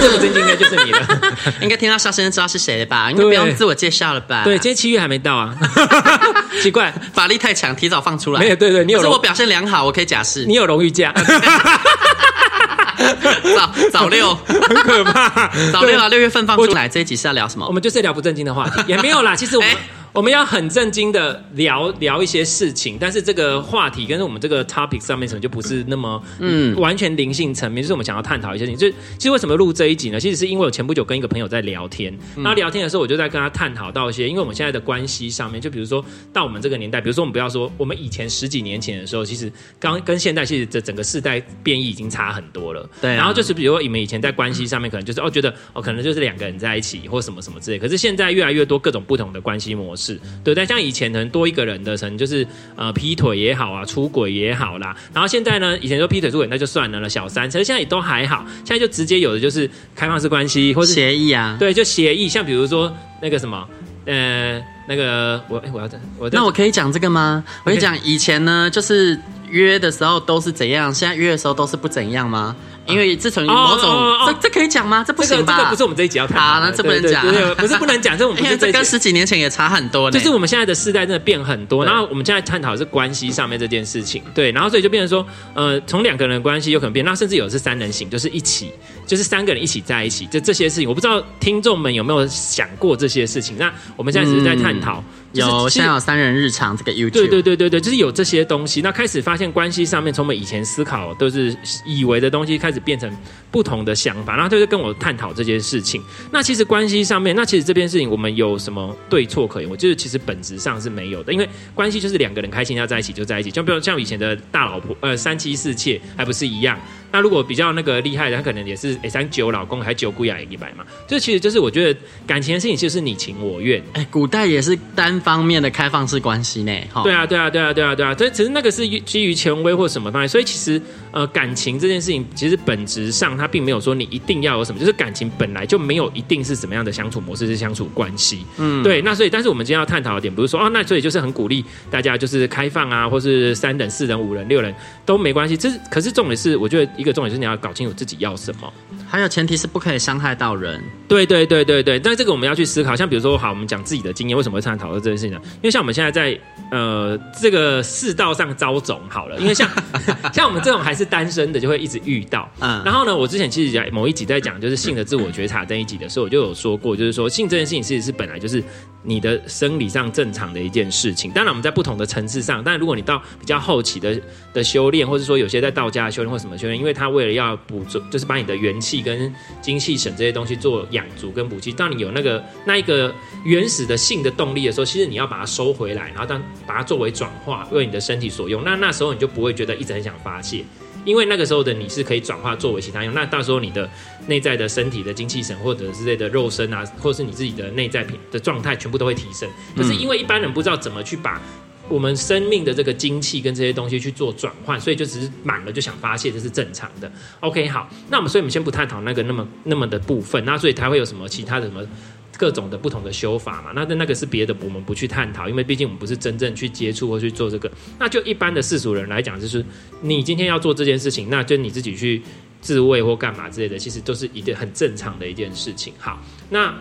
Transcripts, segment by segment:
這不正經應該就是你了， 應該聽到笑聲知道是誰了吧？應該不用自我介紹了吧？對，今天七月還沒到啊， 奇怪，法力太強，提早放出來。沒有，對對，你有，自我表現良好，我可以假釋。你有榮譽假。 早早六，很可怕。 早六啊，六月份放出來，這一集是要聊什麼？我，就我們就是聊不正經的話題，也沒有啦。其實我們。欸我們要很正經的聊聊一些事情，但是這個話題跟我們這個 topic 上面可能就不是那麼嗯完全靈性層面，就是我們想要探討一些事情。就其實為什麼錄這一集呢？其實是因為我前不久跟一個朋友在聊天，然、嗯、後聊天的時候我就在跟他探討到一些，因為我們現在的關係上面，就比如說到我們這個年代，比如說我們不要說我們以前十幾年前的時候，其實剛跟現在其實這整個世代變異已經差很多了。對、啊。然後就是比如說你們以前在關係上面可能就是哦覺得哦可能就是兩個人在一起或什麼什麼之類，可是現在越來越多各種不同的關係模式。是對，但像以前可能多一個人的，可能就是呃劈腿，也好啊，出軌也好啦、啊。然後現在呢，以前說劈腿出軌那就算了了，小三其實現在也都還好。現在就直接有的就是開放式關係，或是協議啊。對，就協議。像比如說那個什麼，呃，那個我，哎、欸，我要怎？我那我可以講這個嗎？Okay. 我可以講以前呢，就是約的時候都是怎樣，現在約的時候都是不怎樣嗎？因為自從某種 oh, oh, oh, oh. 這這可以講嗎？這不行，這個，這個不是我們這一集要談的啊，那這不能講，不是不能講， 這我們這因為這跟十幾年前也差很多了，就是我們現在的世代真的變很多，然後我們現在探討的是關係上面這件事情，對，然後所以就變成說，呃，從兩個人的關係有可能變，那甚至有是三人行，就是一起。就是三個人一起在一起，就這些事情，我不知道聽眾們有沒有想過這些事情。那我們現在只是，是在探討、嗯就是，有想好三人日常這個有對對對對對，就是有這些東西。那開始發現關係上面，從我們以前思考都是以為的東西，開始變成不同的想法。然後他就跟我探討這些事情。那其實關係上面，那其實這件事情我們有什麼對錯可言？我覺得其實本質上是沒有的，因為關係就是兩個人開心要在一起就在一起，就比如像以前的大老婆呃三妻四妾還不是一樣。那如果比較那個厲害的，他可能也是誒，想娶老公還娶姑爺一百嘛？這其實就是我覺得感情的事情，就是你情我願。哎、欸，古代也是單方面的開放式關係呢，哈。對啊，對啊，對啊，對啊，對啊。所以其實那個是基於權威或什麼方面，所以其實。呃，感情這件事情其實本質上，它並沒有說你一定要有什麼，就是感情本來就沒有一定是什麼樣的相處模式是相處關係，嗯，對。那所以，但是我們今天要探討的點，不是說哦，那所以就是很鼓勵大家就是開放啊，或是三人、四人、五人、六人都沒關係。這是可是重點是，我覺得一個重點是你要搞清楚自己要什麼。還有前提是不可以傷害到人。對對對對對，但這個我們要去思考。像比如說，好，我們講自己的經驗，為什麼會常常討論這件事情呢？因為像我們現在在呃這個世道上遭種好了，因為像 像我們這種還是單身的，就會一直遇到。嗯。然後呢，我之前其實講某一集在講就是性的自我覺察這一集的時候，我就有說過，就是說性這件事情其實是本來就是你的生理上正常的一件事情。當然，我們在不同的層次上，但如果你到比較後期的的修煉，或者說有些在道家的修煉或什麼修煉，因為他為了要補足，就是把你的元氣。跟精氣神這些東西做養足跟補氣，當你有那個那一個原始的性的動力的時候，其實你要把它收回來，然後當把它作為轉化，為你的身體所用。那那時候你就不會覺得一直很想發洩，因為那個時候的你是可以轉化作為其他用。那到時候你的內在的身體的精氣神或者之類的肉身啊，或是你自己的內在品的狀態，全部都會提升。可是因為一般人不知道怎麼去把。我們生命的這個精氣跟這些東西去做轉換，所以就只是滿了就想發洩，這是正常的。OK，好，那我們所以我們先不探討那個那麼那麼的部分，那所以他會有什麼其他的什麼各種的不同的修法嘛？那那那個是別的，我們不去探討，因為畢竟我們不是真正去接觸或去做這個。那就一般的世俗人來講，就是你今天要做這件事情，那就你自己去自慰或幹嘛之類的，其實都是一個很正常的一件事情。好，那。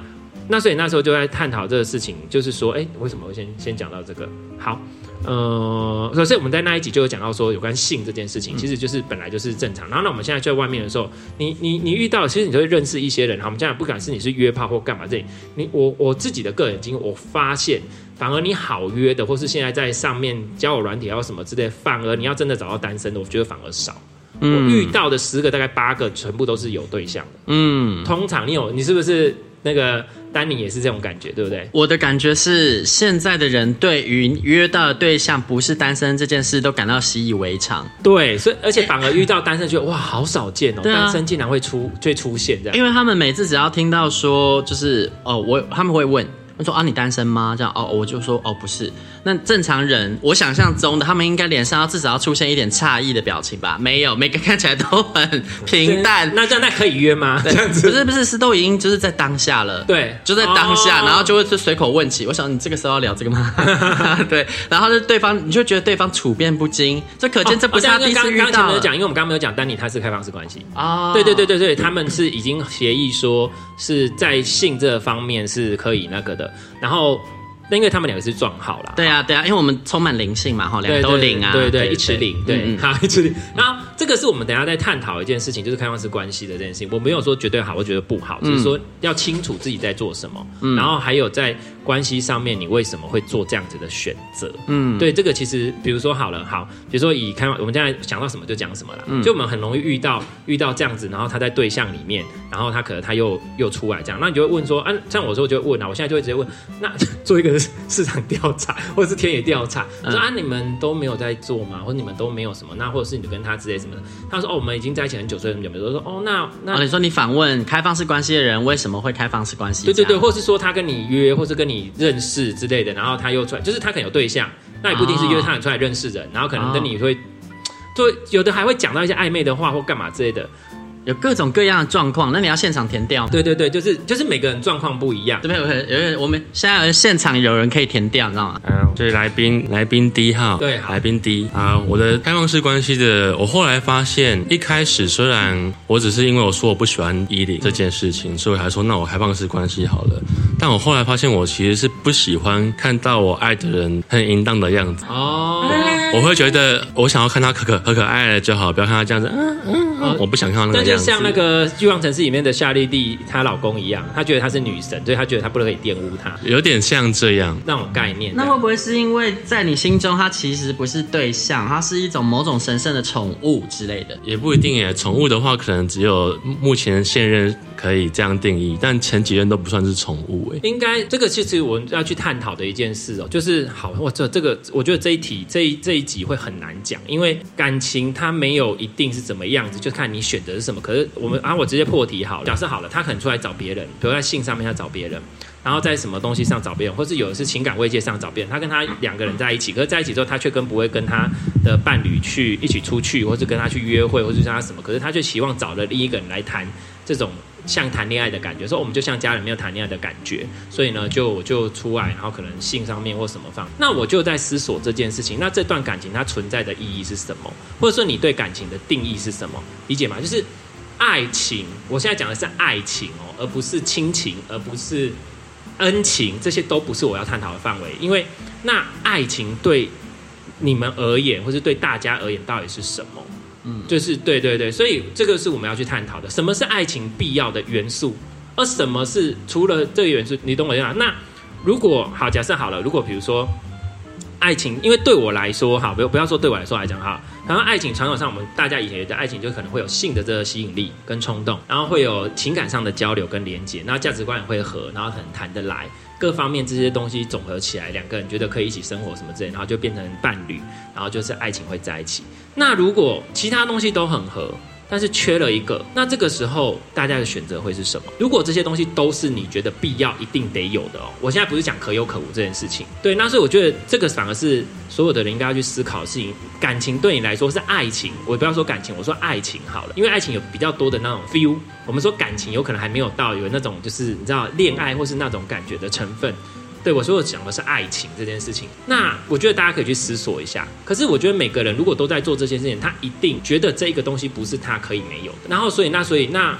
那所以那時候就在探討這個事情，就是說，哎、欸，為什麼我先先講到這個？好，呃，首先我們在那一集就有講到說，有關性這件事情，其實就是本來就是正常。然後，那我們現在就在外面的時候，你你你遇到，其實你就會認識一些人。哈，我們現在不管是你是約炮或幹嘛這，你我我自己的個人經驗，我發現反而你好約的，或是現在在上面交友軟體或什麼之類，反而你要真的找到單身的，我覺得反而少。我遇到的十個大概八個，全部都是有對象的。嗯，通常你有，你是不是？那個丹妮也是這種感覺，對不對？我的感覺是，現在的人對於約到的對象不是單身這件事，都感到習以為常。對，所以而且反而遇到單身就，覺 得哇，好少見哦，啊、單身竟然會出就會出現這樣。因為他們每次只要聽到說，就是哦，我他們會問。說啊，你單身嗎？這樣哦，我就說哦，不是。那正常人，我想象中的他們應該臉上要至少要出現一點詫異的表情吧？沒有，每個看起來都很平淡。那這樣，那可以約嗎？對這樣子，不是不是，是都已經就是在當下了，對，就在當下，哦、然後就會是隨口問起。我想你這個時候要聊這個嗎？ 對，然後就對方，你就覺得對方處變不驚，這可見這不是他、哦哦、第一次遇到講。因為我們剛剛沒有講丹尼他是開放式關係哦，對，對對對對對，他們是已經協議說是在性這方面是可以那個的。然後，那因為他們兩個是撞號了，對啊，對啊，因為我們充滿靈性嘛，哈、啊，兩個都零啊，對對，一起零、嗯，對，好一起零、嗯。然後、嗯、這個是我們等一下再探討一件事情，就是開放式關係的這件事情，我沒有說絕對好，我覺得不好，只、嗯、是說要清楚自己在做什麼，嗯、然後還有在。關係上面，你為什麼會做這樣子的選擇？嗯，對，這個其實，比如說好了，好，比如說以開放，我們現在想到什麼就講什麼了。嗯，就我們很容易遇到遇到這樣子，然後他在對象裡面，然後他可能他又又出來這樣，那你就會問說，啊，像我說會，我就問啊，我現在就會直接問，那做一個市場調查或者是田野調查，嗯、說啊，你們都沒有在做嗎？或者你們都沒有什麼？那或者是你跟他之類什麼的？他說，哦，我們已經在一起很久，所以什麼沒有。的。說，哦，那那、哦、你說你訪問開放式關係的人為什麼會開放式關係？對對對，或是說他跟你約，或是跟你約。你認識之類的，然後他又出來，就是他可能有對象，那也不一定是，因為他想出來認識人，然後可能跟你會，oh. Oh. 就有的還會講到一些曖昧的話或幹嘛之類的，有各種各樣的狀況，那你要現場填掉。對對對，就是就是每個人狀況不一樣。這邊有有人，我們現在有現場有人可以填掉，你知道嗎？嗯、uh,，對，來賓來賓 D 哈對，來賓 D 啊，我的開放式關係的，我後來發現，一開始雖然我只是因為我說我不喜歡伊琳這件事情，所以還說那我開放式關係好了。但我後來發現，我其實是不喜歡看到我愛的人很淫蕩的樣子哦。Oh. 我會覺得，我想要看他可可可可愛了就好，不要看他這樣子。嗯嗯。哦、我不想看那個、哦。那就像那個《欲望城市》裡面的夏綠蒂，她老公一樣，她覺得她是女神，所以她覺得她不能可以玷污她。有點像這樣，那種概念。那會不會是因為在你心中，她其實不是對象，她是一種某種神聖的寵物之類的？嗯、也不一定誒，寵物的話，可能只有目前現任可以這樣定義，但前幾任都不算是寵物誒。應該這個其實我們要去探討的一件事哦、喔，就是好，我這這個，我覺得這一題這一這一集會很難講，因為感情它沒有一定是怎麼樣子就。看你選的是什麼，可是我們啊，我直接破題好了。假設好了，他可能出來找別人，比如在性上面要找別人，然後在什麼東西上找別人，或是有的是情感慰藉上找別人。他跟他兩個人在一起，可是在一起之後，他卻跟不會跟他的伴侶去一起出去，或是跟他去約會，或是跟他什麼，可是他卻希望找了另一個人來談這種。像談戀愛的感覺，說我們就像家人，沒有談戀愛的感覺，所以呢，就我就出來，然後可能性上面或什麼放，那我就在思索這件事情，那這段感情它存在的意義是什麼？或者說你對感情的定義是什麼？理解嗎？就是愛情，我現在講的是愛情哦，而不是親情，而不是恩情，這些都不是我要探討的範圍，因為那愛情對你們而言，或是對大家而言，到底是什麼？嗯，就是對對對，所以這個是我們要去探討的，什麼是愛情必要的元素，而什麼是除了這個元素，你懂我意思啊？那如果好，假設好了，如果比如說愛情，因為對我來說，哈，不不要說對我來說來講，哈，然後愛情傳統上，我們大家以前覺得愛情就可能會有性的這個吸引力跟衝動，然後會有情感上的交流跟連接，那價值觀也會合，然後很談得來。各方面這些東西綜合起來，兩個人覺得可以一起生活什麼之類，然後就變成伴侶，然後就是愛情會在一起。那如果其他東西都很合，但是缺了一個，那這個時候大家的選擇會是什麼？如果這些東西都是你覺得必要、一定得有的哦，我現在不是講可有可無這件事情。對，那所以我覺得這個反而是所有的人應該要去思考的事情。感情對你來說是愛情，我也不要說感情，我說愛情好了，因為愛情有比較多的那種 feel。我們說感情有可能還沒有到有那種就是你知道戀愛或是那種感覺的成分。對，我說我講的是愛情這件事情，那我覺得大家可以去思索一下。可是我覺得每個人如果都在做這件事情，他一定覺得這一個東西不是他可以沒有的。然後，所以那，所以那。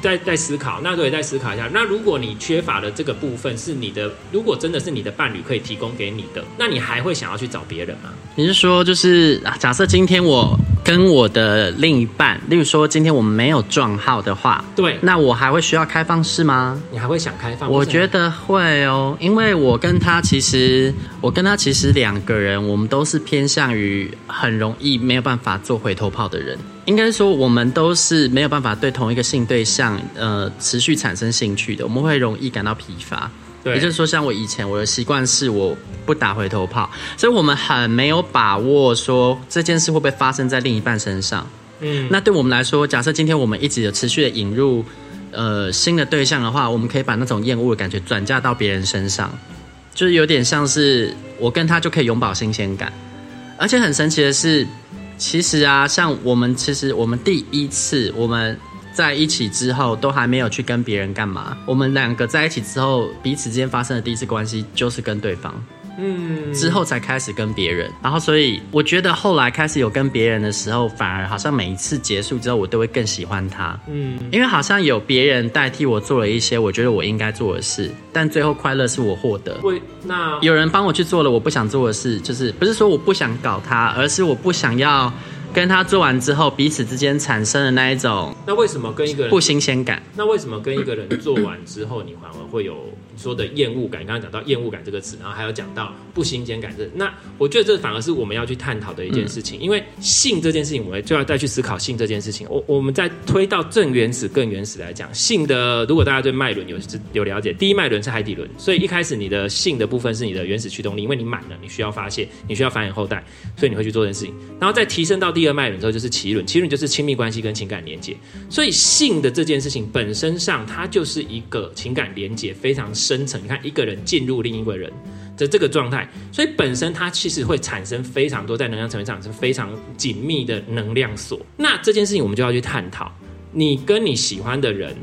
在在思考，那對，再思考一下。那如果你缺乏的這個部分，是你的，如果真的是你的伴侶可以提供給你的，那你還會想要去找別人嗎？你是說，就是假設今天我跟我的另一半，例如說今天我們沒有撞號的話，對，那我還會需要開放式嗎？你還會想開放式嗎？我覺得會哦，因為我跟他其實，我跟他其實兩個人，我們都是偏向於很容易沒有辦法做回頭炮的人。應該說，我們都是沒有辦法對同一個性對象，呃，持續產生興趣的。我們會容易感到疲乏。對，也就是說，像我以前，我的習慣是我不打回頭炮，所以我們很沒有把握說這件事會不會發生在另一半身上。嗯，那對我們來說，假設今天我們一直有持續的引入呃新的對象的話，我們可以把那種厭惡的感覺轉嫁到別人身上，就是有點像是我跟他就可以永葆新鮮感，而且很神奇的是，其實啊，像我們，其實我們第一次我們在一起之後，都還沒有去跟別人幹嘛。我們兩個在一起之後，彼此之間發生的第一次關係就是跟對方。嗯，之後才開始跟別人，然後所以我覺得後來開始有跟別人的時候，反而好像每一次結束之後，我都會更喜歡他。嗯，因為好像有別人代替我做了一些我覺得我應該做的事，但最後快樂是我獲得。會那有人幫我去做了我不想做的事，就是不是說我不想搞他，而是我不想要跟他做完之後彼此之間產生的那一種。那為什麼跟一個人不新鮮感？那為什麼跟一個人做完之後，你反而會有？說的厭惡感，剛剛講到厭惡感這個詞，然後還有講到不新鮮感、這個，這那我覺得這反而是我們要去探討的一件事情，因為性這件事情，我們就要再去思考性這件事情。我我們在推到正原始、更原始來講，性的，如果大家對脈輪有有了解，第一脈輪是海底輪，所以一開始你的性的部分是你的原始驅動力，因為你滿了，你需要發泄，你需要繁衍後代，所以你會去做這件事情。然後再提升到第二脈輪之後，就是臍輪，臍輪就是親密關係跟情感連接，所以性的這件事情本身上，它就是一個情感連接非常。深層，你看一個人進入另一個人的這個狀態，所以本身它其實會產生非常多在能量層面上是非常緊密的能量鎖。那這件事情我們就要去探討，你跟你喜歡的人，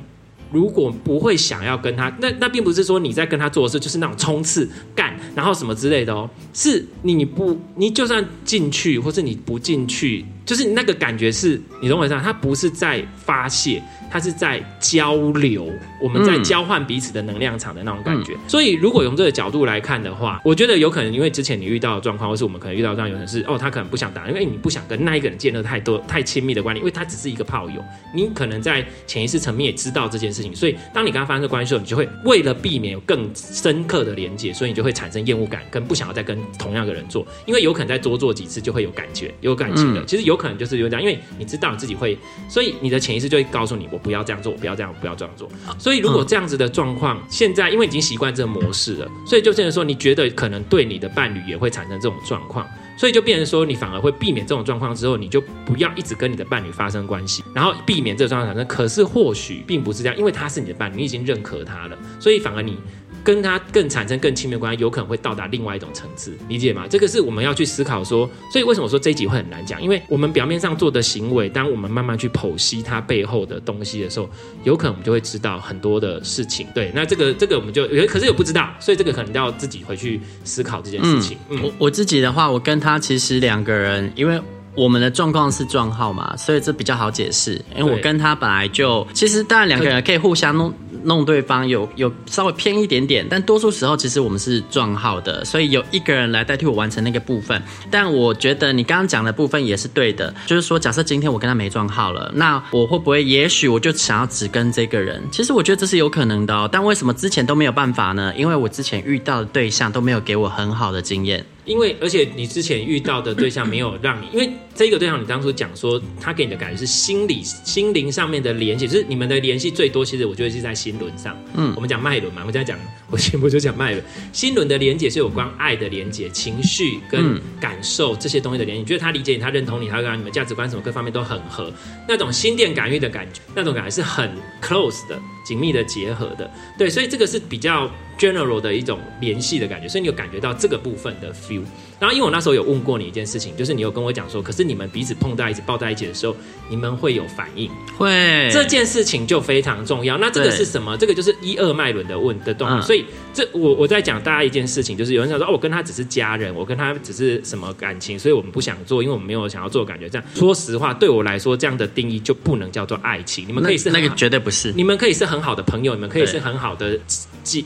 如果不會想要跟他，那那並不是說你在跟他做的事，就是那種衝刺幹，然後什麼之類的哦。是，你不，你就算進去，或是你不進去，就是那個感覺是，你懂我意思嗎？他不是在發泄，他是在交流，我們在交換彼此的能量場的那種感覺。嗯、所以，如果從這個角度來看的話，我覺得有可能，因為之前你遇到的狀況，或是我們可能遇到這樣有人是，哦，他可能不想打，因為你不想跟那一個人建立太多、太親密的關係，因為他只是一個炮友。你可能在潛意識層面也知道這件事情，所以當你跟他發生關係的時候，你就會為了避免有更深刻的連接，所以你就會產生厭惡感，跟不想要再跟。同樣的人做，因為有可能再多做，做幾次就會有感覺、有感情的。其實有可能就是因為這樣，因為你知道你自己會，所以你的潛意識就會告訴你：我不要這樣做，我不要這樣，我不要這樣做。所以如果這樣子的狀況、嗯，現在因為已經習慣這個模式了，所以就變成說，你覺得可能對你的伴侶也會產生這種狀況，所以就變成說，你反而會避免這種狀況之後，你就不要一直跟你的伴侶發生關係，然後避免這種狀況產生。可是或許並不是這樣，因為他是你的伴侶，你已經認可他了，所以反而你。跟他更產生更親密的關係，有可能會到達另外一種層次，理解嗎？這個是我們要去思考說，所以為什麼說這一集會很難講？因為我們表面上做的行為，當我們慢慢去剖析他背後的東西的時候，有可能我們就會知道很多的事情。對，那這個這個我們就有，可是有不知道，所以這個可能要自己回去思考這件事情。我、嗯嗯、我自己的話，我跟他其實兩個人，因為我們的狀況是撞號嘛，所以這比較好解釋。因為我跟他本來就，其實當然兩個人可以互相弄。嗯弄對方有有稍微偏一點點，但多數時候其實我們是撞號的，所以有一個人來代替我完成那個部分。但我覺得你剛剛講的部分也是對的，就是說，假設今天我跟他沒撞號了，那我會不會，也許我就想要只跟這個人？其實我覺得這是有可能的哦。但為什麼之前都沒有辦法呢？因為我之前遇到的對象都沒有給我很好的經驗。因為，而且你之前遇到的對象沒有讓你，因為這個對象你當初講說，他給你的感覺是心理、心靈上面的聯繫，就是你們的聯繫最多，其實我覺得是在心輪上。嗯，我們講脈輪嘛，我現在講，我全部就講脈輪。心輪的連接是有關愛的連接、情緒跟感受這些東西的連接。你覺得他理解你，他認同你，他讓你們價值觀什麼各方面都很合，那種心電感應的感覺，那種感覺是很 close 的。緊密的結合的，對，所以這個是比較 general 的一種聯繫的感覺，所以你有感覺到這個部分的 feel。然後，因為我那時候有問過你一件事情，就是你有跟我講說，可是你們彼此碰到、一起抱在一起的時候，你們會有反應，會這件事情就非常重要。那這個是什麼？這個就是一、二脈輪的問的動、嗯、所以這，這我我在講大家一件事情，就是有人想說，哦，我跟他只是家人，我跟他只是什麼感情，所以我們不想做，因為我們沒有想要做感覺。這樣，說實話，對我來說，這樣的定義就不能叫做愛情。你們可以是那，那個絕對不是，你們可以是很。很好的朋友，你們可以是很好的。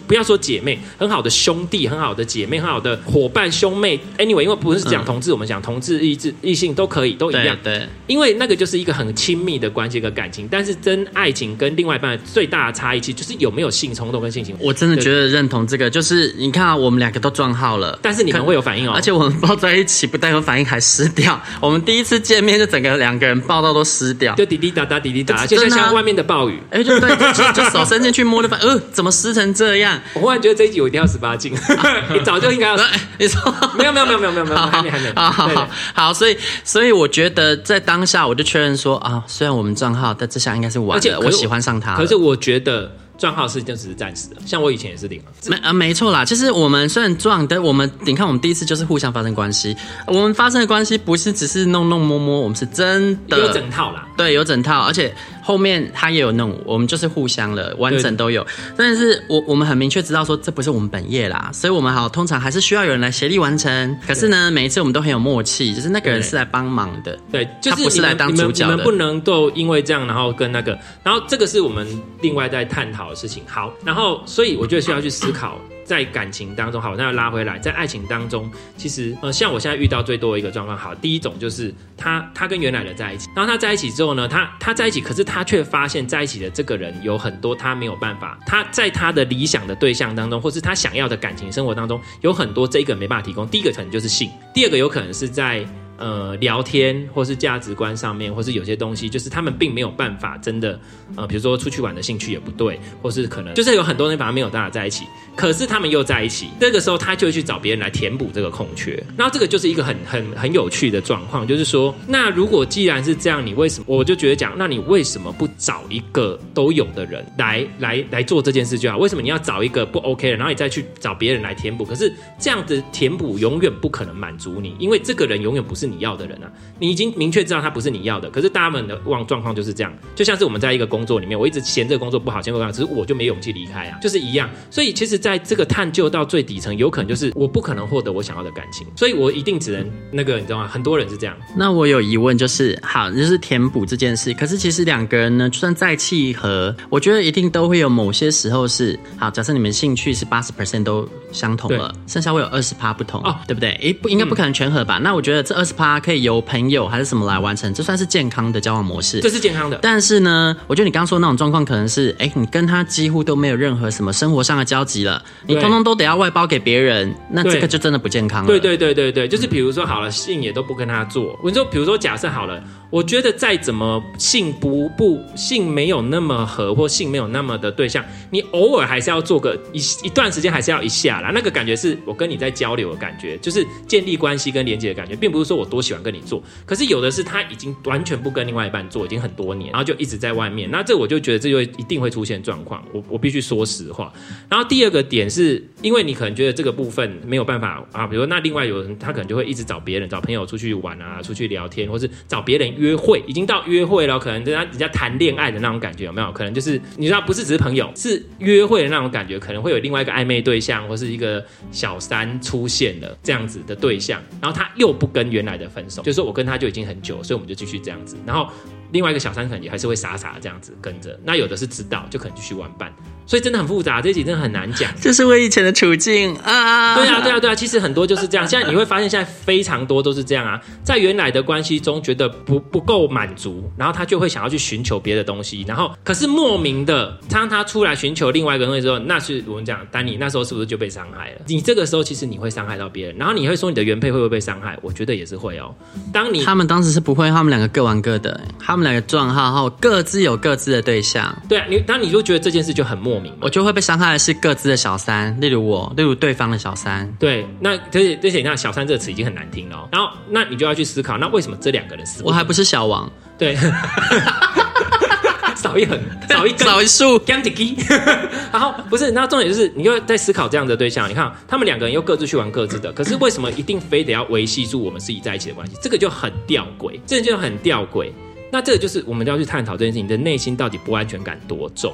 不要說姐妹，很好的兄弟，很好的姐妹，很好的夥伴，兄妹。Anyway，因為不是講同志，嗯、我們講同志、異志，異性都可以，都一樣的。因為那個就是一個很親密的關係和感情。但是真愛情跟另外一半最大的差異，其實就是有沒有性衝動跟性情。我真的覺得認同這個，就是你看啊，我們兩個都撞號了，但是你可能會有反應哦。而且我們抱在一起不但有反應，還濕掉。我們第一次見面就整個兩個人抱到都濕掉，就滴滴答答滴滴答，就像外面的暴雨。哎、啊，就對就就，就手伸進去摸的，反，嗯，怎麼濕成這？這樣，我忽然覺得這一集我一定要十八禁，啊呵呵，你早就應該要。你說沒有沒有沒有沒有沒有沒有沒沒好好還沒還沒好，好，對對對，好，所以所以我覺得在當下，我就確認說啊，雖然我們賬號，但這下應該是完了。而且我喜歡上他，可是我覺得賬號是就只是暫時的。像我以前也是領了，沒啊，沒錯、呃、啦。其實、就是、我們雖然撞，但我們你看我們第一次就是互相發生關係，我們發生的關係不是只是弄弄摸摸，我們是真的有整套啦，對，有整套，而且。後面他也有弄，我們就是互相了，完整都有。但是我我們很明確知道說這不是我們本業啦，所以我們好通常還是需要有人來協力完成。可是呢，每一次我們都很有默契，就是那個人是來幫忙的，對，對，就是，他不是來當主角的，你們，你們不能夠因為這樣然後跟那個，然後這個是我們另外在探討的事情。好，然後所以我覺得需要去思考，在感情當中，好，那要拉回來，在愛情當中，其實呃，像我現在遇到最多的一個狀況，好，第一種就是他他跟原來的在一起，然後他在一起之後呢，他他在一起，可是他卻發現在一起的這個人有很多他沒有辦法，他在他的理想的對象當中，或是他想要的感情生活當中，有很多這個沒辦法提供，第一個可能就是性，第二個有可能是在。呃，聊天或是價值觀上面，或是有些東西，就是他們並沒有辦法真的，呃，比如說出去玩的興趣也不對，或是可能就是有很多人反而沒有大家在一起，可是他們又在一起，這個時候他就會去找別人來填補這個空缺，然後這個就是一個很很很有趣的狀況，就是說，那如果既然是這樣，你為什麼我就覺得講，那你為什麼不找一個都有的人來來來來做這件事就好？為什麼你要找一個不 OK 的，然後你再去找別人來填補？可是這樣的填補永遠不可能滿足你，因為這個人永遠不是。是你要的人啊，你已經明確知道他不是你要的，可是大家們的狀狀況就是這樣，就像是我們在一個工作裡面，我一直嫌這個工作不好，嫌這個，只是我就沒勇氣離開啊，就是一樣。所以其實，在這個探究到最底層，有可能就是我不可能獲得我想要的感情，所以我一定只能那個，你知道嗎？很多人是這樣。那我有疑問就是，好，就是填補這件事。可是其實兩個人呢，就算再契合，我覺得一定都會有某些時候是好。假設你們興趣是八十 percent 都相同了，剩下會有二十趴不同，哦，對不對？誒，不，應該不可能全合吧？嗯，那我覺得這二十他可以由朋友還是什麼來完成，這算是健康的交往模式。這是健康的，但是呢，我覺得你剛剛說的那種狀況，可能是哎，你跟他幾乎都沒有任何什麼生活上的交集了，你通通都得要外包給別人，那這個就真的不健康了。對對對對對，就是比如說好了，嗯、性也都不跟他做。我說，比如說假設好了，我覺得再怎麼性不不性沒有那麼合，或性沒有那麼的對象，你偶爾還是要做個一一段時間，還是要一下啦。那個感覺是我跟你在交流的感覺，就是建立關係跟連接的感覺，並不是說我。我多喜歡跟你做，可是有的是他已經完全不跟另外一半做，已經很多年，然後就一直在外面。那這我就覺得這就一定會出現狀況。我我必須說實話。然後第二個點是因為你可能覺得這個部分沒有辦法啊，比如說那另外有人他可能就會一直找別人，找朋友出去玩啊，出去聊天，或是找別人約會，已經到約會了，可能人家人家談戀愛的那種感覺有沒有？可能就是你知道，不是只是朋友，是約會的那種感覺，可能會有另外一個曖昧對象，或是一個小三出現了這樣子的對象，然後他又不跟原來。的分手，就是我跟他就已經很久，所以我們就繼續這樣子，然後。另外一個小三可能也還是會傻傻這樣子跟着，那有的是知道就可能繼續玩伴，所以真的很複雜，這一集真的很難講。這、就是我以前的處境啊！對啊，對啊，對啊！其實很多就是這樣。現在你會發現，現在非常多都是這樣啊。在原來的關係中覺得不不夠滿足，然後他就會想要去尋求別的東西，然後可是莫名的，當他出來尋求另外一個東西之後，那是我們講丹尼那時候是不是就被傷害了？你這個時候其實你會傷害到別人，然後你會說你的原配會不會被傷害？我覺得也是會哦。當你他們當時是不會，他們兩個各玩各的，他們。兩個狀態後各自有各自的對象，對啊，你，那你就覺得這件事就很莫名。我就會被傷害的是各自的小三，例如我，例如對方的小三。對，那而且而且你看“小三”這個詞已經很難聽了。然後，那你就要去思考，那為什麼這兩個人是我還不是小王？對， 少一橫，少一根，少一豎，ganti。 然後不是，那重點就是你又在思考這樣的對象。你看他們兩個人又各自去玩各自的， 可是為什麼一定非得要維繫住我們自己在一起的關係？ 這個就很吊詭，這就很吊詭。那這個就是我們就要去探討這件事，你的內心到底不安全感多重。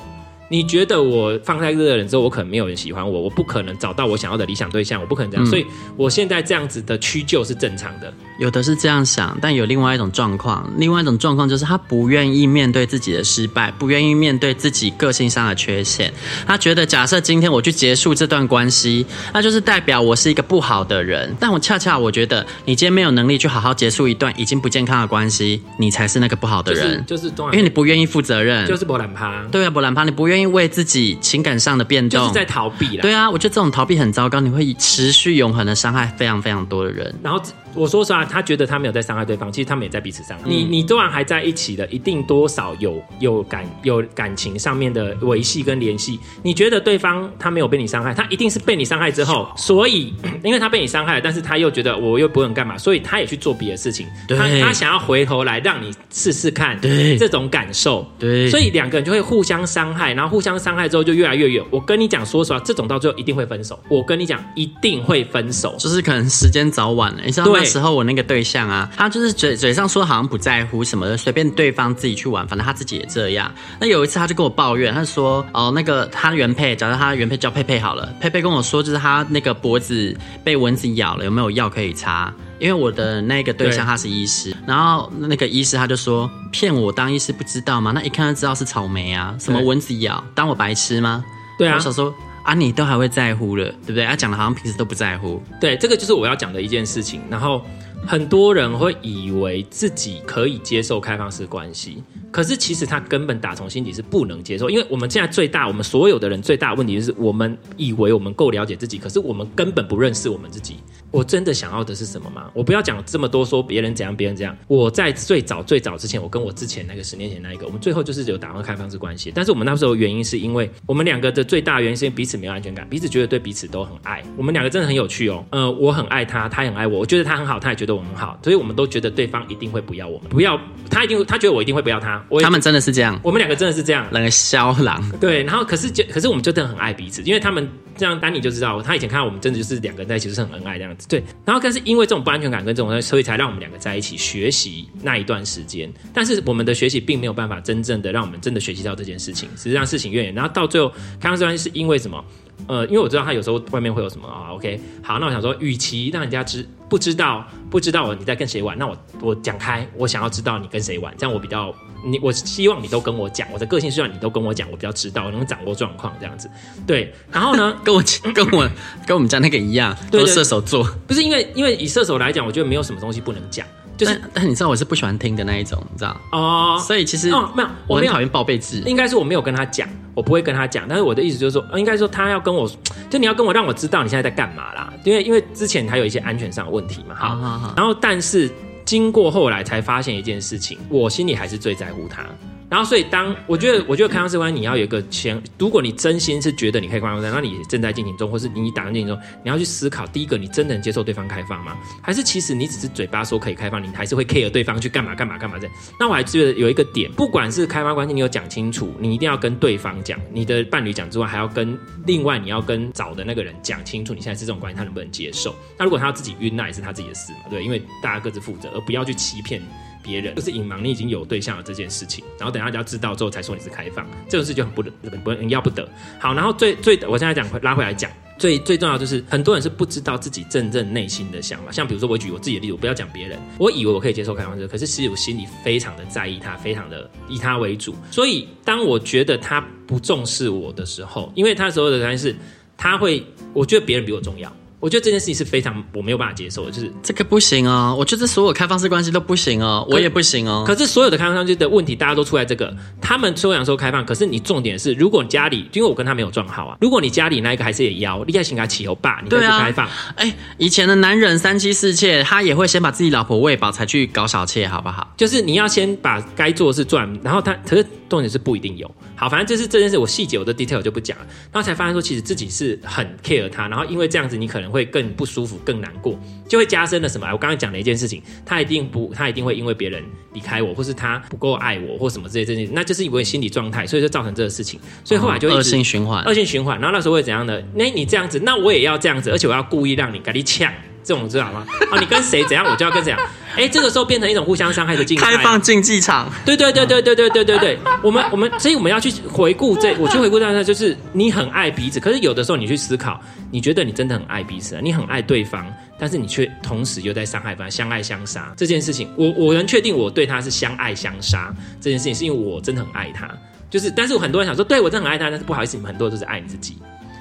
你覺得我放在熱的人之後，我可能沒有人喜歡我，我不可能找到我想要的理想對象，我不可能這樣，所以我現在這樣子的屈就，是正常的。有的是這樣想，但有另外一種狀況，另外一種狀況就是他不願意面對自己的失敗，不願意面對自己個性上的缺陷。他覺得，假設今天我去結束這段關係，那就是代表我是一個不好的人。但我恰恰我覺得，你今天沒有能力去好好結束一段已經不健康的關係，你才是那個不好的人。就是、就是、因為你不願意負責任。就是博覽趴，對啊，博覽趴，你不願意。因為自己情感上的變動，就是在逃避。對啊，我覺得這種逃避很糟糕，你會持續永恆的傷害非常非常多的人。然後。我說實話，他覺得他沒有在傷害對方，其實他們也在彼此傷害。嗯、你你當然還在一起的，一定多少有有感有感情上面的維繫跟聯繫。你覺得對方他沒有被你傷害，他一定是被你傷害之後，啊、所以因為他被你傷害了，但是他又覺得我又不能幹嘛，所以他也去做別的事情。對，他他想要回頭來讓你試試看，對、欸、這種感受，對，所以兩個人就會互相傷害，然後互相傷害之後就越來越遠。我跟你講，說實話，這種到最後一定會分手。我跟你講，一定會分手，就是可能時間早晚呢、欸。對。那時候我那個對象啊，他就是嘴嘴上說好像不在乎什麼的，隨便對方自己去玩，反正他自己也這樣。那有一次他就跟我抱怨，他說：“哦，那個他的原配，假設他的原配叫佩佩好了，佩佩跟我說，就是他那個脖子被蚊子咬了，有沒有藥可以擦？因為我的那個對象他是醫師，然後那個醫師他就說騙我當醫師不知道嗎？那一看就知道是草莓啊，什麼蚊子咬，當我白痴嗎？對啊。我想說”啊，你都還會在乎了，對不對？他、啊、講的好像平時都不在乎。對，這個就是我要講的一件事情。然後很多人會以為自己可以接受開放式關係，可是其實他根本打從心底是不能接受。因為我們現在最大，我們所有的人最大的問題就是，我們以為我們夠了解自己，可是我們根本不認識我們自己。我真的想要的是什麼嗎？我不要講這麼多，說別人怎樣，別人怎樣。我在最早最早之前，我跟我之前那個十年前那一個，我們最後就是有打算開放式關係。但是我們那時候原因是因為我們兩個的最大的原因是因為彼此沒有安全感，彼此覺得對彼此都很愛。我們兩個真的很有趣哦。呃，我很愛他，他也很愛我，我覺得他很好，他也覺得我很好，所以我們都覺得對方一定會不要我們，不要他一定他覺得我一定會不要他。我他們真的是這樣，我們兩個真的是這樣，兩個肖狼。對，然後可是就可是我們就真的很愛彼此，因為他們這樣，丹妮就知道他以前看到我們真的就是兩個人在一起，就是很恩愛這樣。對，然後但是因為這種不安全感跟這種，所以才讓我們兩個在一起學習那一段時間。但是我們的學習並沒有辦法真正的讓我們真的學習到這件事情，只是讓事情越演，然後到最後，康剛這是因為什麼？呃，因為我知道他有時候外面會有什麼啊。OK，好，那我想說，與其讓人家知不知道，不知道我你在跟誰玩，那我我講開，我想要知道你跟誰玩，這樣我比較你，我希望你都跟我講。我的個性需要你都跟我講，我比較知道，我能掌握狀況這樣子。對，然後呢，跟我、嗯、跟我跟我們家那個一樣，都是射手座。對對對，不是因為因為以射手來講，我覺得沒有什麼東西不能講。就是但，但你知道我是不喜歡聽的那一種，你知道？哦，所以其實，哦，沒有，我很討厭報備制，應該是我沒有跟他講，我不會跟他講。但是我的意思就是說，應該說他要跟我，就你要跟我，讓我知道你現在在幹嘛啦。因為因為之前他有一些安全上的問題嘛，好，啊啊啊，然後，但是經過後來才發現一件事情，我心裡還是最在乎他。然後，所以當我覺得，我覺得開放式關係你要有一個前，如果你真心是覺得你可以開放式，那你正在進行中，或是你打算進行中，你要去思考，第一個，你真的能接受對方開放嗎？還是其實你只是嘴巴說可以開放，你還是會 care 對方去幹嘛幹嘛幹嘛這樣？那我還是覺得有一個點，不管是開放關係，你有講清楚，你一定要跟對方講，你的伴侶講之外，還要跟另外你要跟找的那個人講清楚，你現在是這種關係，他能不能接受？那如果他要自己暈，那也是他自己的事嘛，對？因為大家各自負責，而不要去欺騙。別人，就是隱瞞你已經有對象了這件事情，然後等大家知道之後才說你是開放，這種事情就很不能，不，很要不得。好，然後最最，我現在講，拉回來講，最最重要的就是，很多人是不知道自己真正內心的想法。像比如說我舉我自己的例子，我不要講別人。我以為我可以接受開放式，可是其實我心裡非常的在意他，非常的以他為主。所以當我覺得他不重視我的時候，因為他所有的原因是，他會，我覺得別人比我重要。我覺得這件事情是非常我沒有辦法接受的，就是這個不行哦，我覺得所有開放式關係都不行哦，我也不行哦。可是所有的開放式關係的問題，大家都出來這個，他們雖然說開放，可是你重點是，如果你家裡，因為我跟他沒有撞好啊，如果你家裡那一個還是有幺，立在情感起由霸，你去、哦、開放？哎、啊欸，以前的男人三妻四妾，他也會先把自己老婆餵飽，才去搞小妾，好不好？就是你要先把該做的事賺，然後他，可是重點是不一定有。好，反正就是這件事，我細節我的 detail 就不講了。然後才發現說，其實自己是很 care 他，然後因為這樣子，你可能會更不舒服、更難過，就會加深了什麼？我剛剛講了一件事情，他一定不，他一定會因為別人離開我，或是他不夠愛我，或什麼這些這些，那就是因為心理狀態，所以就造成這個事情。所以後來就惡、哦、性循環，惡性循環。然後那時候會怎樣呢？那、欸、你這樣子，那我也要這樣子，而且我要故意讓你趕緊搶。這種知道嗎？ 啊，你跟誰怎樣，我就要跟誰。哎、欸，這個時候變成一種互相傷害的競技開放競技場。對對對對對對對對對,對,對,對,對,對 我，我們我們所以我們要去回顧這，我去回顧到的就是你很愛彼此，可是有的時候你去思考，你覺得你真的很愛彼此、啊，你很愛對方，但是你卻同時又在傷害方。相愛相殺這件事情，我我能確定我對他是相愛相殺這件事情，是因為我真的很愛他。就是，但是很多人想說，對我真的很愛他，但是不好意思，你們很多人都是愛你自己，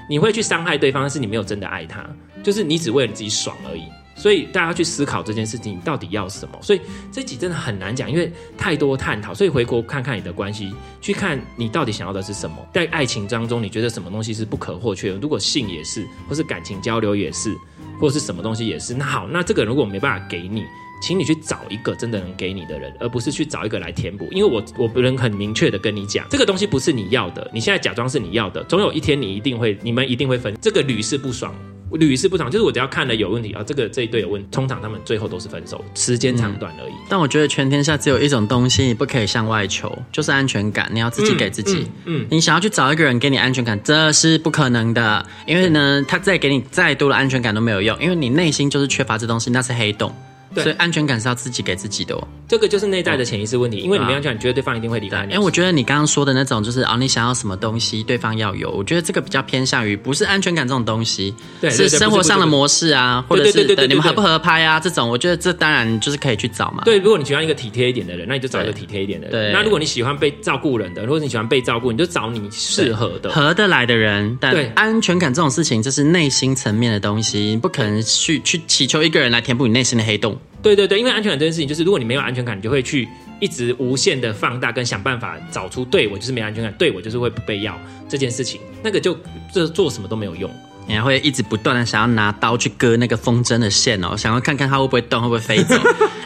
你會去傷害對方，但是你沒有真的愛他。就是你只為了自己爽而已，所以大家去思考這件事情，你到底要什麼。所以這集真的很難講，因為太多探討。所以回國看看你的關係，去看你到底想要的是什麼。在愛情當中，你覺得什麼東西是不可或缺的？如果性也是，或是感情交流也是，或是什麼東西也是，那好，那這個如果我沒辦法給你。請你去找一個真的能給你的人，而不是去找一個來填補。因為我我不能很明確的跟你講，這個東西不是你要的。你現在假裝是你要的，總有一天你一定會，你們一定會分。這個屢試不爽，屢試不爽。就是我只要看了有問題啊，這個這一對有問題，通常他們最後都是分手，時間長短而已。嗯，但我覺得全天下只有一種東西你不可以向外求，就是安全感，你要自己給自己嗯嗯。嗯，你想要去找一個人給你安全感，這是不可能的，因為呢，他再給你再多的安全感都沒有用，因為你內心就是缺乏這東西，那是黑洞。對所以安全感是要自己給自己的哦，這個就是內在的潛意識問題，因為你沒安全感，你覺得對方一定會離開你？哎，我覺得你剛剛說的那種，就是啊、哦、你想要什麼東西，對方要有，我覺得這個比較偏向於不是安全感這種東西，對對對是生活上的模式啊，對對對或者是對對對你們合不合拍啊對對對？這種，我覺得這當然就是可以去找嘛。對，如果你喜歡一個體貼一點的人，那你就找一個體貼一點的人對。對，那如果你喜歡被照顧人的，如果你喜歡被照顧，你就找你適合的、合得來的人。對，但安全感這種事情，這是內心層面的東西，不可能去去祈求一個人來填補你內心的黑洞。對對對，因為安全感這件事情，就是如果你沒有安全感，你就會去一直無限的放大，跟想辦法找出對我就是沒安全感，對我就是會不被要這件事情，那個就這做什麼都沒有用。你還會一直不斷的想要拿刀去割那個風箏的線哦，想要看看它會不會動，會不會飛走？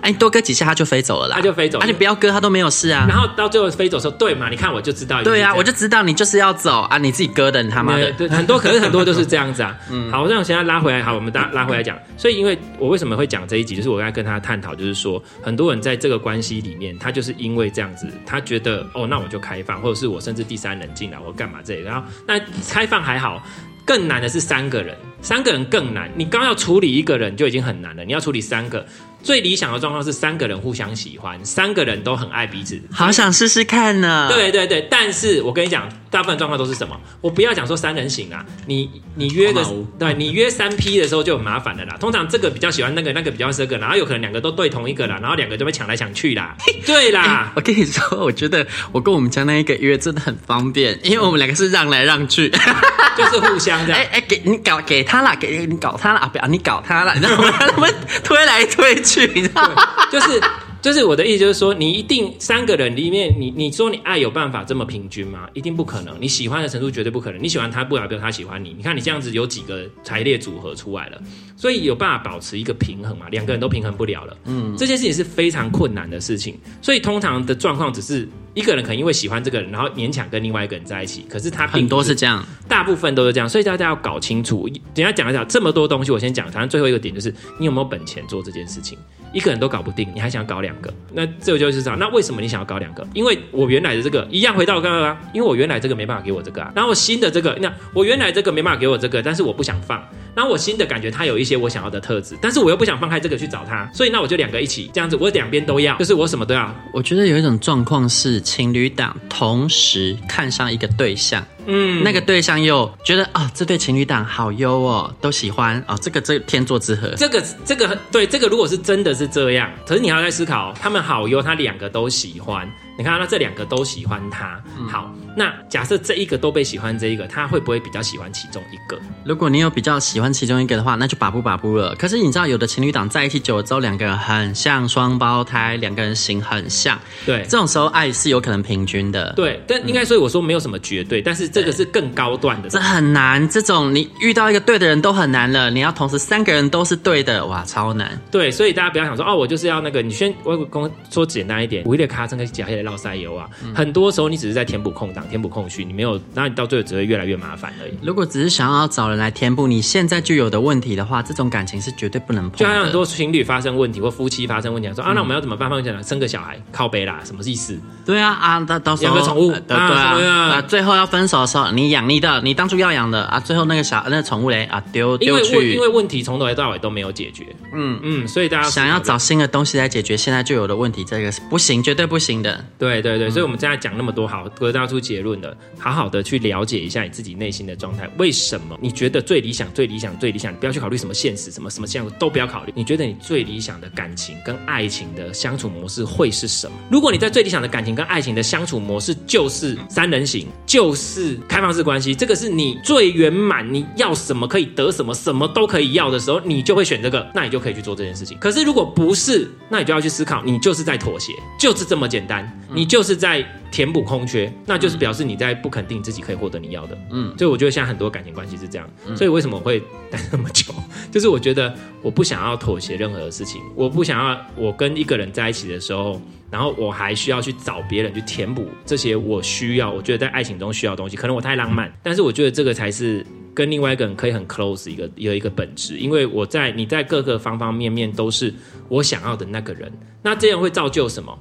哎，你多割幾下，它就飛走了啦。它就飛走。啊，你不要割，它都沒有事啊。然後到最後飛走的時候，對嘛？你看我就知道。對啊，我就知道你就是要走啊，你自己割的，你他媽的。對對對，很多，可是很多就是這樣子啊。嗯， 好，那我們現在拉回來，好，我們拉拉回來講。所以，因為我為什麼會講這一集，就是我剛才跟他探討，就是說，很多人在這個關係裡面，他就是因為這樣子，他覺得哦，那我就開放，或者是我甚至第三人進來，我幹嘛這個？然後，那開放還好。更難的是三個人。三個人更難，你剛要處理一個人就已經很難了，你要處理三個，最理想的狀況是三個人互相喜歡，三個人都很愛彼此。好想試試看呢？對對對，但是我跟你講，大部分狀況都是什麼？我不要講說三人行啦，你你約的，對你約三 P 的時候就很麻煩的啦。通常這個比較喜歡那個，那個比較這個，然後有可能兩個都對同一個啦，然後兩個就會搶來搶去啦。對啦、 欸，我跟你說，我覺得我跟我們家那一個約真的很方便，因為我們兩個是讓來讓去， 就是互相的。哎、欸、哎、欸，給你搞給他。他啦，給你搞他啦！啊，不要你搞他啦！你知道嗎？他 們推來推去，你知道嗎，就是就是我的意思，就是說，你一定三個人裡面，你你說你愛有辦法這麼平均嗎？一定不可能，你喜歡的程度絕對不可能，你喜歡他不代表他喜歡你。你看你這樣子有幾個排列組合出來了，所以有辦法保持一個平衡嘛？兩個人都平衡不了了。嗯，這件事情是非常困難的事情，所以通常的狀況只是。一個人可能因為喜歡這個人，然後勉強跟另外一個人在一起。可是他頂多是這樣，大部分都是這樣，所以大家要搞清楚。等一下講一講這麼多東西，我先講。反正最後一個點就是你有沒有本錢做這件事情？一個人都搞不定，你還想搞兩個？那這個就是這樣。那為什麼你想要搞兩個？因為我原來的這個一樣回到剛剛，啊，因為我原來這個沒辦法給我這個啊。然後新的這個，那我原來這個沒辦法給我這個，但是我不想放。然後我新的感覺他有一些我想要的特質，但是我又不想放開這個去找他，所以那我就兩個一起這樣子，我兩邊都要，就是我什麼都要。我覺得有一種狀況是。情侶檔同時看上一個對象。嗯，那個對象又覺得啊、哦，這對情侶檔好優哦，都喜歡哦，這個這個、天作之合，這個這個對，這個如果是真的是這樣，可是你還要再思考，他們好優，他兩個都喜歡，你看他這兩個都喜歡他、嗯，好，那假設這一個都被喜歡，這一個他會不會比較喜歡其中一個？如果你有比較喜歡其中一個的話，那就把不把不了。可是你知道，有的情侶檔在一起久了之後，兩個很像雙胞胎，兩個人形很像，對，這種時候愛是有可能平均的，對，嗯、但應該所以我說沒有什麼絕對，但是。這個是更高段的，這很難。這種你遇到一個對的人都很難了，你要同時三個人都是對的，哇，超難。對，所以大家不要想說哦，我就是要那個，你先我跟你說簡單一點，一列卡生個假黑的繞塞油啊。很多時候你只是在填補空檔，填補空虛，你沒有，那你到最後只會越來越麻煩而已。如果只是想要找人來填補你現在就有的問題的話，這種感情是絕對不能碰。就像很多情侶發生問題或夫妻發生問題，說啊、嗯、啊，那我們要怎麼辦法去？放進來生個小孩靠背啦，什麼意思？對啊啊，那到時候養個寵物，呃、對啊，那、啊啊啊啊、最後要分手。說你養你的，你當初要養的啊，最後那個小那個寵物嘞啊，丟丟去，因為問題從頭到尾都沒有解決。嗯嗯，所以大家想要找新的東西來解決現在就有的問題，這個是不行，絕對不行的。對對對，嗯、所以我們現在講那麼多，好，得到出結論的，好好的去了解一下你自己內心的狀態。為什麼你覺得最理想、最理想、最理想？你不要去考慮什麼現實，什麼什麼現實都不要考慮。你覺得你最理想的感情跟愛情的相處模式會是什麼？如果你在最理想的感情跟愛情的相處模式就是三人行，就是開放式關係，這個是你最圓滿，你要什麼可以得什麼，什麼都可以要的時候，你就會選這個，那你就。可以去做這件事情，可是如果不是，那你就要去思考，你就是在妥協，就是這麼簡單，嗯、你就是在填補空缺，那就是表示你在不肯定自己可以獲得你要的。嗯，所以我覺得現在很多感情關係是這樣，嗯，所以為什麼我會待那麼久，就是我覺得我不想要妥協任何的事情，我不想要我跟一個人在一起的時候，然後我還需要去找別人去填補這些我需要，我覺得在愛情中需要的東西，可能我太浪漫，嗯、但是我覺得這個才是。跟另外一個人可以很 close，一個有一個本質，因為我在你在各個方方面面都是我想要的那個人，那這樣會造就什麼？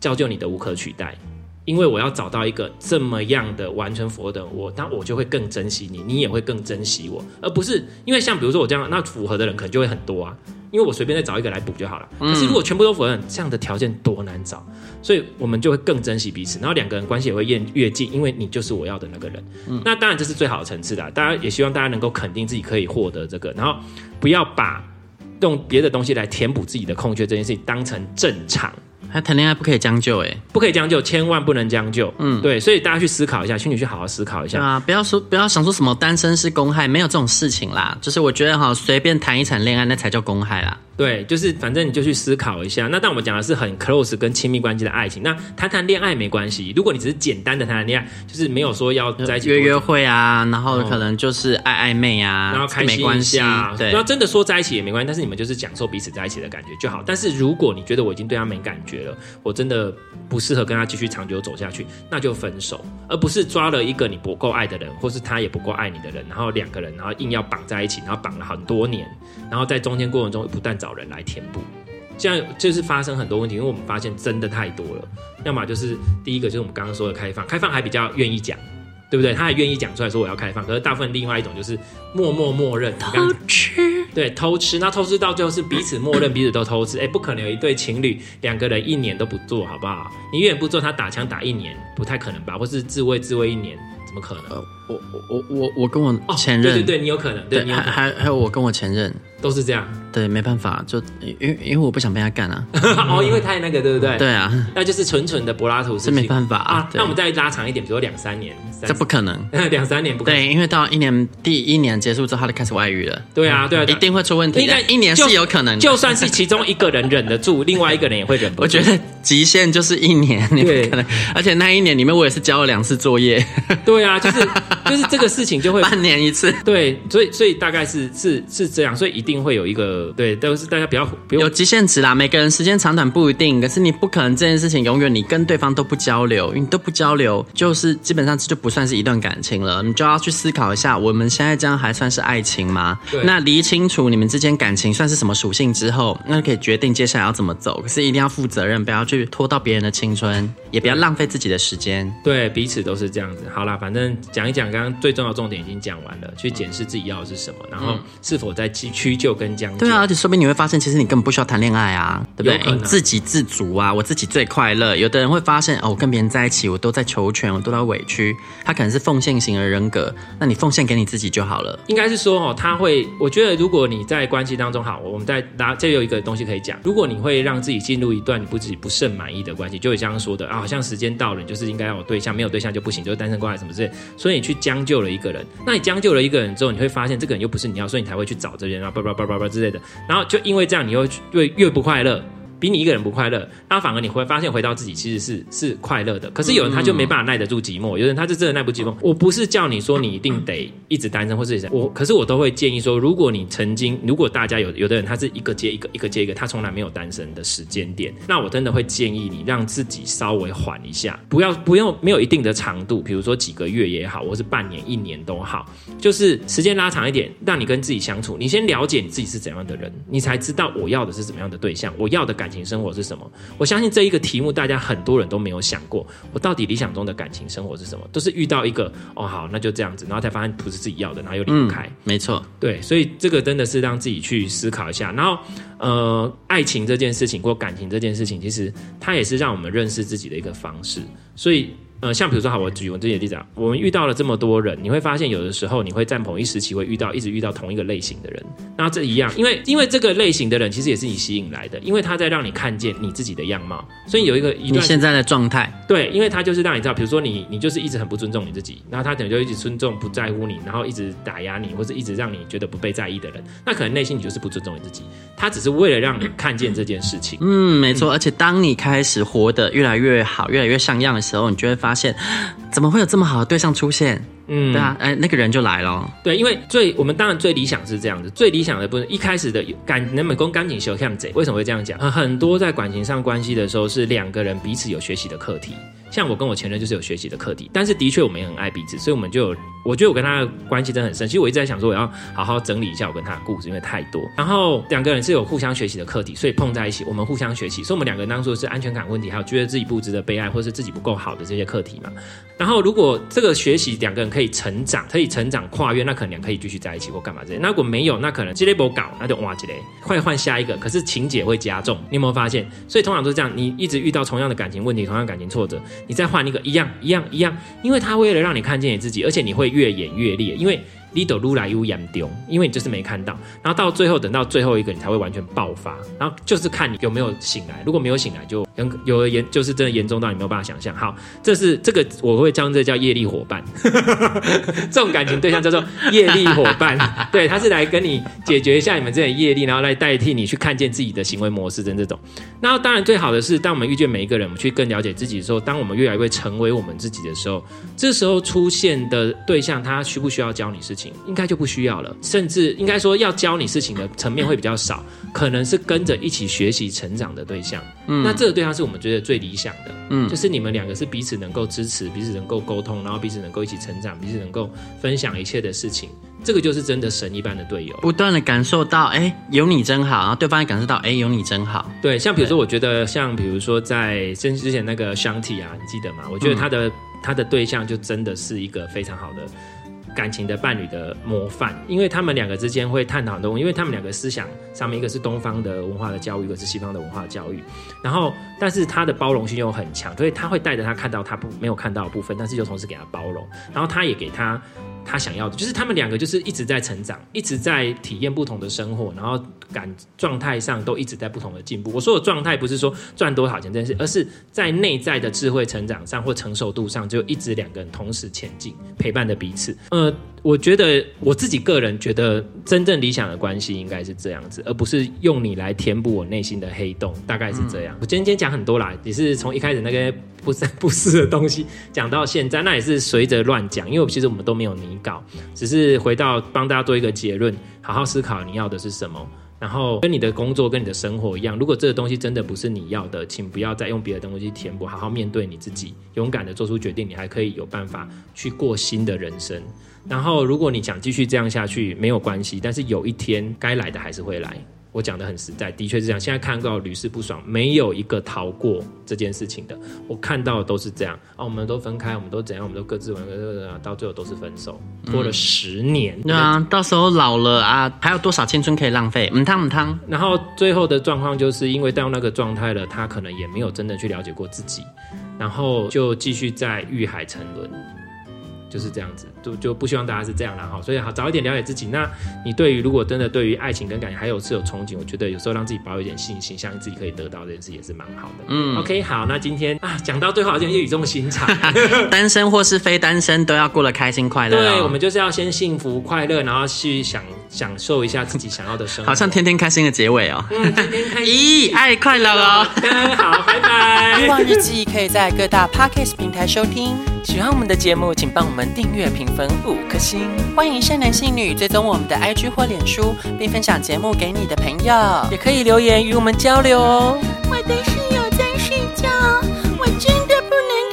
造就你的無可取代，因為我要找到一個這麼樣的完全符合的我，那我就會更珍惜你，你也會更珍惜我，而不是因為像比如說我這樣，那符合的人可能就會很多啊。因為我隨便再找一個來補就好了。可是如果全部都否認，嗯、這樣的條件多難找，所以我們就會更珍惜彼此，然後兩個人關係也會越越近，因為你就是我要的那個人。嗯、那當然這是最好的層次的，大家也希望大家能夠肯定自己可以獲得這個，然後不要把用別的東西來填補自己的空缺這件事情當成正常。他談戀愛不可以將就，欸，誒，不可以將就，千萬不能將就，嗯，對，所以大家去思考一下，請你去好好思考一下，對啊，不要說，不要想說什麼單身是公害，沒有這種事情啦。就是我覺得哈，隨便談一場戀愛，那才叫公害啦。對，就是反正你就去思考一下。那但我們講的是很 close 跟親密關係的愛情，那談談戀愛沒關係。如果你只是簡單的談談戀愛，就是沒有說要在一起約約會啊，然後可能就是愛曖昧啊、嗯，然後開心一下沒關係啊。對。然後真的說在一起也沒關係，但是你們就是享受彼此在一起的感覺就好。但是如果你覺得我已經對他沒感覺了，我真的不適合跟他繼續長久走下去，那就分手，而不是抓了一個你不夠愛的人，或是他也不夠愛你的人，然後兩個人然後硬要綁在一起，然後綁了很多年，然後在中間過程中不斷。找人來填補，這樣就是發生很多問題，因為我們發現真的太多了。要麼就是第一個就是我們剛剛說的開放，開放還比較願意講，對不對？他還願意講出來說我要開放。可是大部分另外一種就是默默默認偷吃，對偷吃。那偷吃到最後是彼此默認， 彼此都偷吃。哎、欸，不可能有一對情侶兩個人一年都不做好不好？你永遠不做，他打槍打一年不太可能吧？或是自慰自慰一年，怎麼可能？哦、我我我我跟我前任，哦、對，對對對，你有可能。對，對你有可能，還還還有我跟我前任。都是這樣，對，沒辦法，就因為因為我不想被他幹啊。 哦，因為太那個，對不對？嗯、對啊，那就是純純的柏拉圖是沒辦法啊，啊。那我們再拉長一點，比如說，兩三年三，這不可能，兩 三年不可能。對，因為到一年第一年結束之後，他就開始外遇了。嗯。對啊，對，啊，一定會出問題的。應該一年是有可能的，就算是其中一個人忍得住， 另外一個人也會忍不住。我覺得極限就是一年，你不可能對。而且那一年裡面，我也是交了兩次作業。 對啊，就是就是這個事情就會 半年一次。對，所以所以大概是是是這樣，所以一定。會有一個，對，都是大家不要，有極限值啦。每個人時間長短不一定，可是你不可能這件事情永遠你跟對方都不交流，你都不交流，就是基本上這就不算是一段感情了。你就要去思考一下，我們現在這樣還算是愛情嗎？對。那理清楚你們之間感情算是什麼屬性之後，那就可以決定接下來要怎麼走。可是一定要負責任，不要去拖到別人的青春，也不要浪費自己的時間。對，對彼此都是這樣子。好啦，反正講一講，剛剛最重要的重點已經講完了，去檢視自己要的是什麼，嗯、然後是否在趨。就跟將就，對啊，而且說不定你會發現，其實你根本不需要談戀愛啊，對不對？欸、自給自足啊，我自己最快樂。有的人會發現哦，我跟別人在一起，我都在求全，我都在委屈。他可能是奉獻型的人格，那你奉獻給你自己就好了。應該是說哦，他會，我覺得如果你在關係當中，好，我們再拿這有一個東西可以講，如果你會讓自己進入一段你不自己不甚滿意的關係，就有像剛說的啊，好像時間到了，你就是應該要有對象，沒有對象就不行，就是單身關係什麼事，所以你去將就了一個人。那你將就了一個人之後，你會發現這個人又不是你要，所以你才會去找這些人啊，不不，不。叭叭叭之類的，然後就因為這樣，你又會越越不快樂。比你一個人不快樂，那反而你會發現回到自己其實是是快樂的。可是有人他就沒辦法耐得住寂寞，有人他就真的耐不住寂寞。我不是叫你說你一定得一直單身，或是我，可是我都會建議說，如果你曾經，如果大家有有的人他是一個接一個，一個接一個，他從來沒有單身的時間點，那我真的會建議你讓自己稍微緩一下，不要不用沒有一定的長度，比如說幾個月也好，或是半年一年都好，就是時間拉長一點，讓你跟自己相處。你先了解你自己是怎樣的人，你才知道我要的是怎麼樣的對象，我要的感覺。情生活是什麼？我相信這一個題目，大家很多人都沒有想過。我到底理想中的感情生活是什麼？都是遇到一個哦，好，那就這樣子，然後才發現不是自己要的，然後又離不開。嗯，沒錯，對，所以這個真的是讓自己去思考一下。然後，呃，愛情這件事情或感情這件事情，其實它也是讓我們認識自己的一個方式。所以。呃，像比如說，好，我舉我自己例子啊，我們遇到了這麼多人，你會發現有的時候你會在某同一時期會遇到一直遇到同一個類型的人，那這一樣，因為因為這個類型的人其實也是你吸引來的，因為他在讓你看見你自己的樣貌，所以有一個一段，你現在的狀態，對，因為他就是讓你知道，比如說你你就是一直很不尊重你自己，然後他可能就一直尊重不在乎你，然後一直打壓你或者一直讓你覺得不被在意的人，那可能內心你就是不尊重你自己，他只是為了讓你看見這件事情。嗯，沒錯、嗯，而且當你開始活得越來越好，越來越像樣的時候，你覺得。發現怎麼會有這麼好的對象出現？嗯，對啊，哎，那個人就來了。對，因為最我們當然最理想是這樣子，最理想的不是一開始的感，那麼剛感情修成者為什麼會這樣講？很很多在感情上關係的時候，是兩個人彼此有學習的課題。像我跟我前任就是有學習的課題，但是的確我們也很愛彼此，所以我們就有，我覺得我跟他的關係真的很深。其實我一直在想說我要好好整理一下我跟他的故事，因為太多。然後兩個人是有互相學習的課題，所以碰在一起，我們互相學習。所以我們兩個人當初是安全感問題，還有覺得自己不值得被愛，或者是自己不夠好的這些課題嘛。然後如果這個學習兩個人可以成長，可以成長跨越，那可能兩個可以繼續在一起或幹嘛之類。那如果沒有，那可能積累不搞，那就哇積累，快換下一個。可是情節會加重，你有沒有發現？所以通常都是這樣，你一直遇到同樣的感情問題，同樣感情挫折。你再換一個一樣一樣一樣，因為他為了讓你看見你自己，而且你會越演越烈，因為。你 e 擼來又扔丟，因為你就是沒看到。然後到最後等到最後一個，你才會完全爆發。然後就是看你有沒有醒來。如果沒有醒來，就有了嚴，就是真的嚴重到你沒有辦法想象。好，這是這個我會將這叫業力夥伴， 這種感情對象叫做業力夥伴。 對，他是來跟你解決一下你們這點業力，然後來代替你去看見自己的行為模式。的這種。然後當然最好的是，當我們遇見每一個人，我們去更了解自己的時候，當我們越來越成為我們自己的時候，這時候出現的對象，他需不需要教你事情？應該就不需要了，甚至應該說要教你事情的層面會比較少，可能是跟着一起學習成長的對象。嗯，那這個對象是我們覺得最理想的。嗯，就是你們兩個是彼此能夠支持，彼此能夠溝通，然後彼此能夠一起成長，彼此能夠分享一切的事情。這個就是真的神一般的隊友，不斷的感受到，哎、欸，有你真好。然後對方也感受到，哎、欸，有你真好。對，像比如說，我覺得像比如說在之前那個香緹啊，你記得嗎？我覺得他的、嗯、他的對象就真的是一個非常好的。感情的伴侶的模範，因為他們兩個之間會探討很多。因為他們兩個思想上面一個是東方的文化的教育，一個是西方的文化的教育，然後但是他的包容性又很強，所以他會帶着他看到他不沒有看到的部分，但是又同時給他包容，然後他也給他，他想要的，就是他們兩個就是一直在成長，一直在體驗不同的生活，然後感狀態上都一直在不同的進步。我說的狀態不是說賺多少錢這件事，而是在內在的智慧成長上或成熟度上，就一直兩個人同時前進，陪伴着彼此。呃，我覺得我自己個人覺得，真正理想的關係應該是這樣子，而不是用你來填補我內心的黑洞，大概是這樣，嗯。我今天講很多啦，也是從一開始那個不三不四的東西講到現在，那也是隨着亂講，因為其實我們都沒有你。只是回到幫大家做一個結論，好好思考你要的是什麼，然後跟你的工作跟你的生活一樣。如果這個東西真的不是你要的，請不要再用別的東西填補，好好面對你自己，勇敢地做出決定。你還可以有辦法去過新的人生。然後，如果你想繼續這樣下去，沒有關係，但是有一天該來的還是會來。我講的很實在，的確是這樣。現在看到屢試不爽，沒有一個逃過這件事情的。我看到的都是這樣啊，我們都分開，我們都怎樣，我們都各自玩玩玩，到最後都是分手。過了十年，嗯、對啊，到時候老了啊，還有多少青春可以浪費？母湯母湯。然後最後的狀況就是因為到那個狀態了，他可能也沒有真的去了解過自己，然後就繼續在慾海沉淪。就是這樣子，就就不希望大家是這樣了哈。所以好早一點了解自己。那你對於如果真的對於愛情跟感情還有是有憧憬，我覺得有時候讓自己保有一點信心，相信自己可以得到這件事，也是蠻好的。嗯，OK，好。那今天啊，講到最後好像又語重心長。單身或是非單身都要過得開心快樂哦。對，我們就是要先幸福快樂，然後去享享受一下自己想要的生活。好像天天開心的結尾哦。嗯，天天開心，咦，愛快樂哦。好， 拜拜。慾望日記可以在各大 Podcast 平台收聽。喜歡我們的節目，請幫我們。訂閱評分五顆星，歡迎善男信女追蹤我們的 IG 或臉書，並分享節目給你的朋友，也可以留言與我們交流哦。我的室友在睡覺，我真的不能。